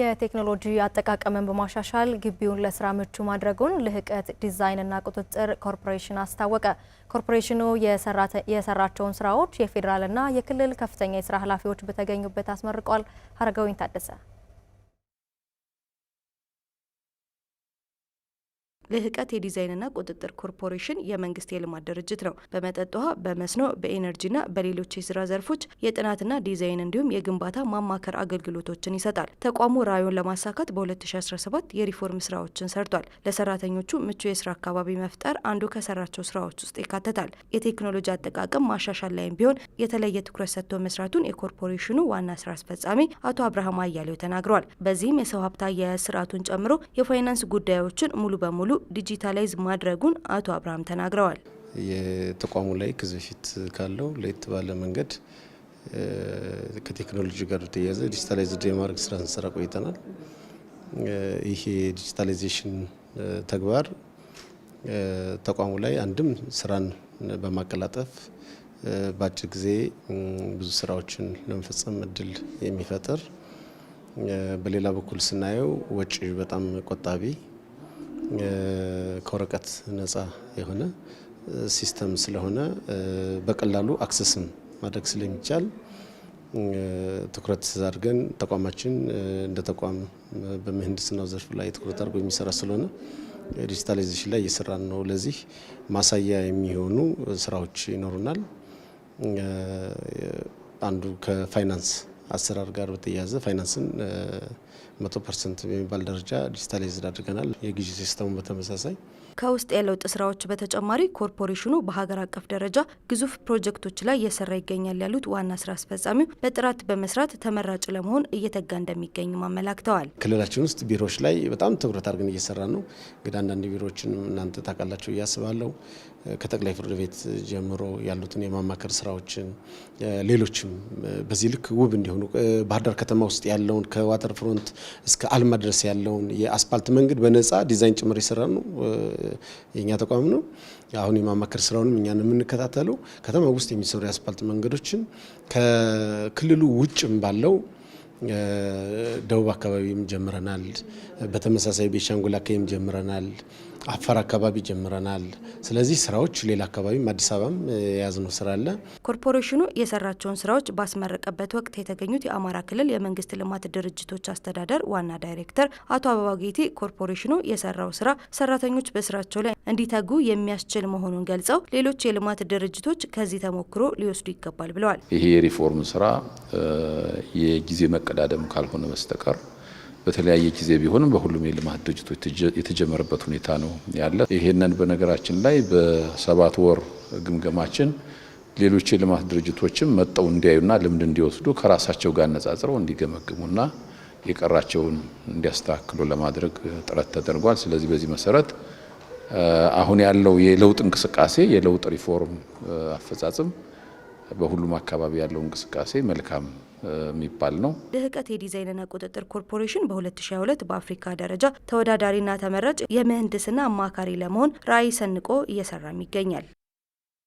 የቴክኖሎጂ አጠቃቀምን በማሻሻል ግቢውን ለስራ ምቹ ማድረጉን ልህቀት ዲዛይንና ቁጥጥር ኮርፖሬሽን አስታወቀ። ኮርፖሬሽኑ የሰራቸውን ስራዎች የፌዴራልና የክልል ከፍተኛ የስራ ኃላፊዎች በተገኙበት አስመርቋል። አረጋዊን ታደሰ ልህቀት የዲዛይንና ቁጥጥር ኮርፖሬሽን የመንግስት የልማት ድርጅት ነው። በመጠጥ ውሃ፣ በመስኖ፣ በኤነርጂና በሌሎች የስራ ዘርፎች የጥናትና ዲዛይን እንዲሁም የግንባታ ማማከር አገልግሎቶችን ይሰጣል። ተቋሙ ራዕዩን ለማሳካት በ2017 የሪፎርም ስራዎችን ሰርቷል። ለሰራተኞቹ ምቹ የስራ አካባቢ መፍጠር አንዱ ከሰራቸው ስራዎች ውስጥ ይካተታል። የቴክኖሎጂ አጠቃቀም ማሻሻል ላይም ቢሆን የተለየ ትኩረት ሰጥቶ መስራቱን የኮርፖሬሽኑ ዋና ስራ አስፈጻሚ አቶ አብርሃም አያሌው ተናግረዋል። በዚህም የሰው ሀብት አያያዝ ስርዓቱን ጨምሮ የፋይናንስ ጉዳዮችን ሙሉ በሙሉ ዲጂታላይዝ ማድረጉን አቶ አብርሃም ተናግረዋል። የተቋሙ ላይ ከዚህ በፊት ካለው ለየት ባለ መንገድ ከቴክኖሎጂ ጋር ተያያዘ ዲጂታላይዝ የማድረግ ስራ ስንሰራ ቆይተናል። ይሄ ዲጂታላይዜሽን ተግባር ተቋሙ ላይ አንድም ስራን በማቀላጠፍ በአጭር ጊዜ ብዙ ስራዎችን ለመፈጸም እድል የሚፈጥር፣ በሌላ በኩል ስናየው ወጪ በጣም ቆጣቢ ከወረቀት ነጻ የሆነ ሲስተም ስለሆነ በቀላሉ አክሰስም ማድረግ ስለሚቻል ትኩረት አድርገን ተቋማችን እንደ ተቋም በምህንድስናው ዘርፍ ላይ ትኩረት አድርጎ የሚሰራ ስለሆነ ዲጂታላይዜሽን ላይ እየሰራን ነው። ለዚህ ማሳያ የሚሆኑ ስራዎች ይኖሩናል። አንዱ ከፋይናንስ አሰራር ጋር በተያያዘ ፋይናንስን መቶ ፐርሰንት በሚባል ደረጃ ዲጂታላይዝድ አድርገናል። የግዢ ሲስተሙን በተመሳሳይ ከውስጥ የለውጥ ስራዎች በተጨማሪ ኮርፖሬሽኑ በሀገር አቀፍ ደረጃ ግዙፍ ፕሮጀክቶች ላይ እየሰራ ይገኛል ያሉት ዋና ስራ አስፈጻሚው በጥራት በመስራት ተመራጭ ለመሆን እየተጋ እንደሚገኝ አመላክተዋል። ክልላችን ውስጥ ቢሮዎች ላይ በጣም ትኩረት አድርገን እየሰራ ነው። እንግዲህ አንዳንድ ቢሮዎችን እናንተ ታውቃላችሁ እያስባለው ከጠቅላይ ፍርድ ቤት ጀምሮ ያሉትን የማማከር ስራዎችን ሌሎችም በዚህ ልክ ውብ እንዲሆኑ ባህር ዳር ከተማ ውስጥ ያለውን ከዋተር ፍሮንት እስከ አልማ ድረስ ያለውን የአስፓልት መንገድ በነፃ ዲዛይን ጭምር የሰራ ነው የእኛ ተቋም ነው። አሁን የማማከር ስራውንም እኛን የምንከታተለው ከተማ ውስጥ የሚሰሩ የአስፓልት መንገዶችን ከክልሉ ውጭም ባለው ደቡብ አካባቢም ጀምረናል። በተመሳሳይ ቤንሻንጉል አካባቢም ጀምረናል። አፋር አካባቢ ጀምረናል። ስለዚህ ስራዎች ሌላ አካባቢም አዲስ አበባም የያዝነው ስራ አለ። ኮርፖሬሽኑ የሰራቸውን ስራዎች ባስመረቀበት ወቅት የተገኙት የአማራ ክልል የመንግስት ልማት ድርጅቶች አስተዳደር ዋና ዳይሬክተር አቶ አበባ ጌቴ ኮርፖሬሽኑ የሰራው ስራ ሰራተኞች በስራቸው ላይ እንዲተጉ የሚያስችል መሆኑን ገልጸው ሌሎች የልማት ድርጅቶች ከዚህ ተሞክሮ ሊወስዱ ይገባል ብለዋል። ይሄ የሪፎርም ስራ የጊዜ መቀዳደም ካልሆነ በስተቀር በተለያየ ጊዜ ቢሆንም በሁሉም የልማት ድርጅቶች የተጀመረበት ሁኔታ ነው ያለ። ይሄንን በነገራችን ላይ በሰባት ወር ግምገማችን ሌሎች የልማት ድርጅቶችም መጠው እንዲያዩና ልምድ እንዲወስዱ ከራሳቸው ጋር አነጻጽረው እንዲገመግሙና የቀራቸውን እንዲያስተካክሉ ለማድረግ ጥረት ተደርጓል። ስለዚህ በዚህ መሰረት አሁን ያለው የለውጥ እንቅስቃሴ የለውጥ ሪፎርም አፈጻጽም በሁሉም አካባቢ ያለው እንቅስቃሴ መልካም የሚባል ነው። ልህቀት የዲዛይንና ቁጥጥር ኮርፖሬሽን በ2022 በአፍሪካ ደረጃ ተወዳዳሪና ተመራጭ የምህንድስና አማካሪ ለመሆን ራዕይ ሰንቆ እየሰራም ይገኛል።